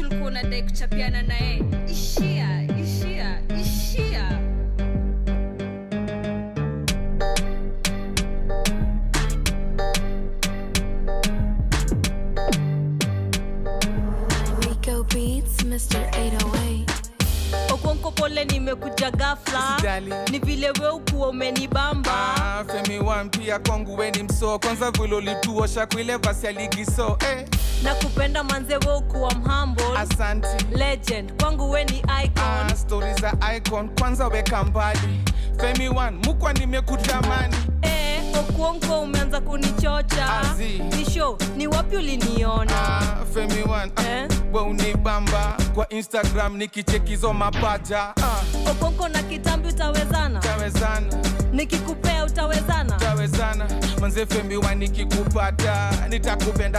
tulikuwa unadai kuchapiana naye. Ishia, ishia, ishia. Oh nimekuja gafla ni vile we ukuwa umenibamba ah, wa mpia kwangu weni mso kwanza vilolituosha kuile vasi ya ligi so eh. na kupenda manze we ukuwa mhambo asanti legend kwangu weni icon ah, stori za icon kwanza weka mbali femi one mukwa nimekutamani eh, okuongo umeanza kunichocha nisho ni wapi uliniona ah, femi one ah, eh? unibamba kwa instagram nikichekizo mapaja ah. okonko na kitambi utawezana, utawezana. nikikupa Jones FM, nikikupata nitakupenda.